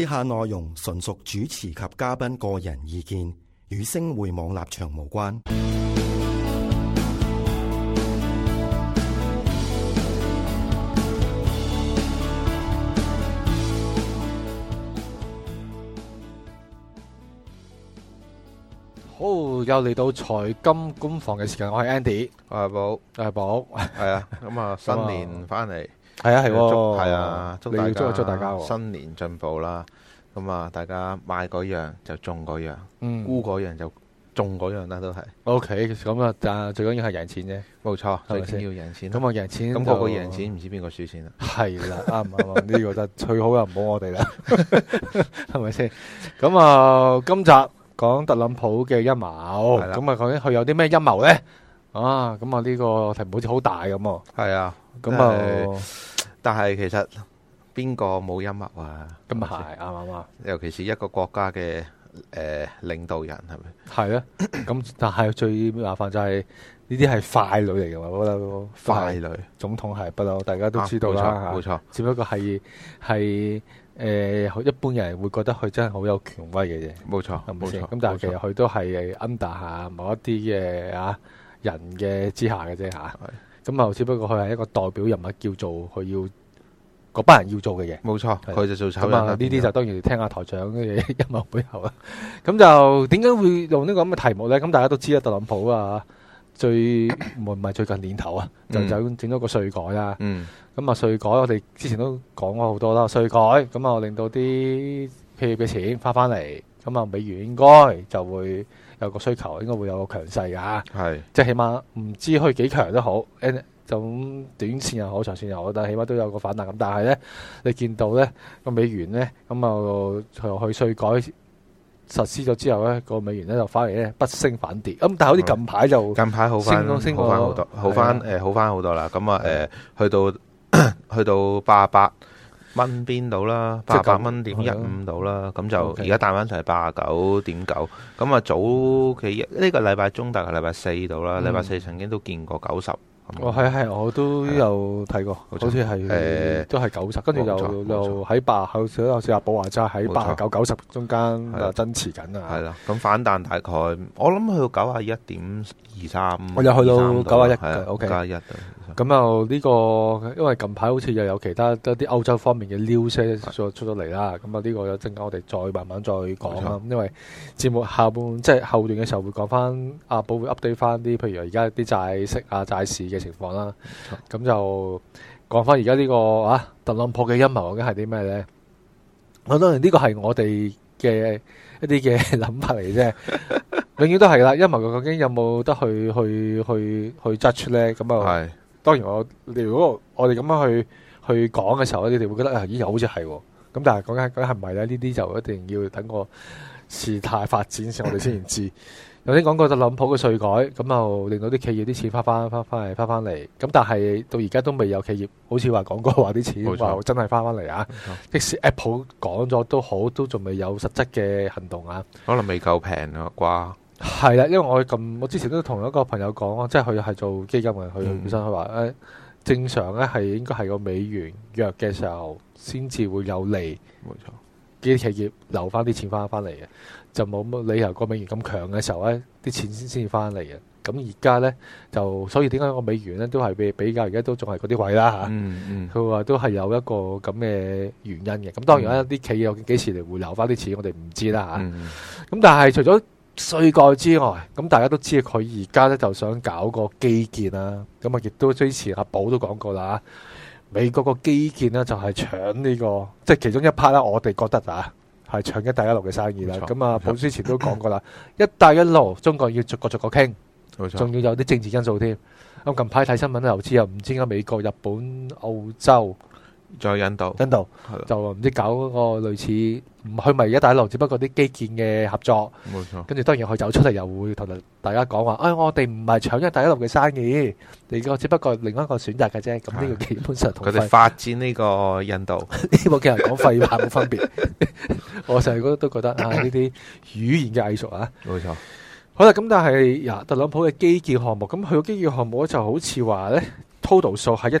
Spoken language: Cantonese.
以下內容純屬主持及嘉賓個人意見，與星匯網立場無關。哦，oh, 又嚟到財金工房嘅時間，我係 Andy。我阿寶，阿寶，係啊， 咁、嗯、啊，新年翻嚟，係啊，係，係啊，祝大家、哦、新年進步啦。咁啊，大家買嗰樣就中嗰樣，估嗰、嗯、樣就中嗰樣啦，都係。OK，咁啊，但最緊要係贏錢啫，冇錯，最緊要贏錢。咁啊，贏錢，咁、 咁個個贏錢，唔知邊個輸錢啦。係啦，啱唔啱呢個就最好又唔好我哋啦，係咪先？咁啊，今集。講特朗普嘅陰謀，咁啊，究竟佢有啲咩陰謀咧？是的 啊，咁啊呢個題目好似好大咁。係啊的，咁啊、嗯，但係其實邊個冇陰謀啊？咁啊係啱唔啱，尤其是一個國家嘅誒、呃、領導人係咪？係啊。咁但係最麻煩就係呢啲係傀儡嚟嘅，我覺得傀儡、那個、傀儡總統係不嬲，大家都知道冇錯，冇錯、啊，錯啊、錯只不過係係。是誒、呃，一般人會覺得佢真係好有權威嘅啫。冇錯錯，係咪先？咁但係其實佢都係 under 吓某一啲嘅啊人嘅之下嘅啫吓，咁錯啊，就只不過佢係一個代表人物，叫做佢要嗰班人要做嘅嘢，冇錯錯，佢是就做。咁啊，呢啲就當然要聽下台長嘅音樂背後啦。咁 就點解會用呢個咁嘅題目咧？咁大家都知啦，特朗普啊。最唔係最近年頭啊，嗯、就就整咗個稅改啊，咁啊稅改我哋之前都講過好多啦，稅改咁啊令到啲企業嘅錢返翻嚟，咁啊美元應該就會有個需求，應該會有個強勢㗎，是即係起碼唔知去幾強都好，就咁短線又好，長線又好，但係起碼都有個反彈。咁但係咧，你見到咧個美元咧，咁啊去稅改。實施咗之後咧，個美元咧就反嚟，咧不升反跌。咁但係好似近排就升高，升高，近排好翻，升咗升過好多，好翻誒好翻好多啦。咁啊誒，去到去到八啊八蚊邊度啦？八啊八蚊點一五度啦。咁的就而家彈返齊八啊九點九。咁啊早幾日呢個禮拜中大嘅禮拜四度啦，禮拜四曾經都見過九十。我係係，我都有睇過，的好似係、欸、都係九十，跟住錯又喺在八錯，好似阿寶話齋喺八九九十中間的增持緊啊！係啦，咁反彈大概我諗去到九廿一點二三，我又去到九廿一嘅，O K 九廿一。咁又呢個，因為近排好似又有其他啲歐洲方面嘅 news 出咗嚟啦。咁啊，呢個有陣間我哋再慢慢再講啦。是的 因為節目下半即係、就是、後段嘅時候會講翻，阿寶會 update 翻啲，譬如而家啲債息啊、債市嘅情況啦。咁就講翻而家呢個啊，特朗普嘅陰謀究竟係啲咩咧？我當然呢個係我哋嘅一啲嘅諗法嚟啫，永遠都係啦。陰謀究竟有冇得去去去去 judge 咧？咁啊？當然我如果我哋咁樣去去講嘅時候，你哋會覺得咦、又、好似係喎，咁但係講緊係係唔係咧？呢啲就一定要等個事態發展先，我哋先至知。頭先講過特朗普嘅稅改，咁就令到啲企業啲錢翻翻翻翻翻翻翻嚟。咁但係到而家都未有企業好似話講過話啲錢話真係翻翻嚟啊！冇錯。即使 Apple 講咗都好，都仲未有實質嘅行動啊。可能未夠平啊，啩？係啦，因為我咁，我之前都同一個朋友講，即係佢係做基金嘅，佢本身佢話誒，嗯、正常咧係應該係個美元弱嘅時候，先至會有利，冇錯，啲企業留翻啲錢翻翻嚟嘅，就冇乜理由個美元咁強嘅時候咧，啲錢先先至翻嚟嘅。咁而家咧就，所以點解個美元咧都係比比較而家、嗯嗯、都仲係嗰啲位啦吓，佢話都係有一個咁嘅原因嘅。咁當然啦、啊，啲、嗯、企業幾時嚟會留翻啲錢，我哋唔知啦吓。咁、嗯嗯嗯、但係除咗。稅改之外，咁大家都知佢而家咧，就想搞個基建啦。咁啊，亦都之前阿寶都講過啦，吓美國個基建呢就係搶呢個，即係其中一 part 啦。我哋覺得啊，係搶一帶一路嘅生意啦。咁啊冇錯，寶之前都講過啦， 一帶一路中國要逐個逐個傾，仲冇錯要有啲政治因素添。咁近排睇新聞，投知又唔知點解美國、日本、澳洲。再印度，印度是的 就唔知搞個類似，佢唔係一帶一路，只不過啲基建嘅合作，冇錯。跟住當然佢走出嚟又會同大家講話，哎，我哋唔係搶一帶一路嘅生意，你個只不過另一個選擇嘅啫。咁呢的個基本上同佢哋發展呢個印度 其實，呢個幾人講廢話冇分別。我成日都都覺得啊，呢啲語言嘅藝術啊，冇錯沒錯。好啦，咁但係啊，特朗普嘅基建項目，咁佢個基建項目就好似話咧，total 數係一。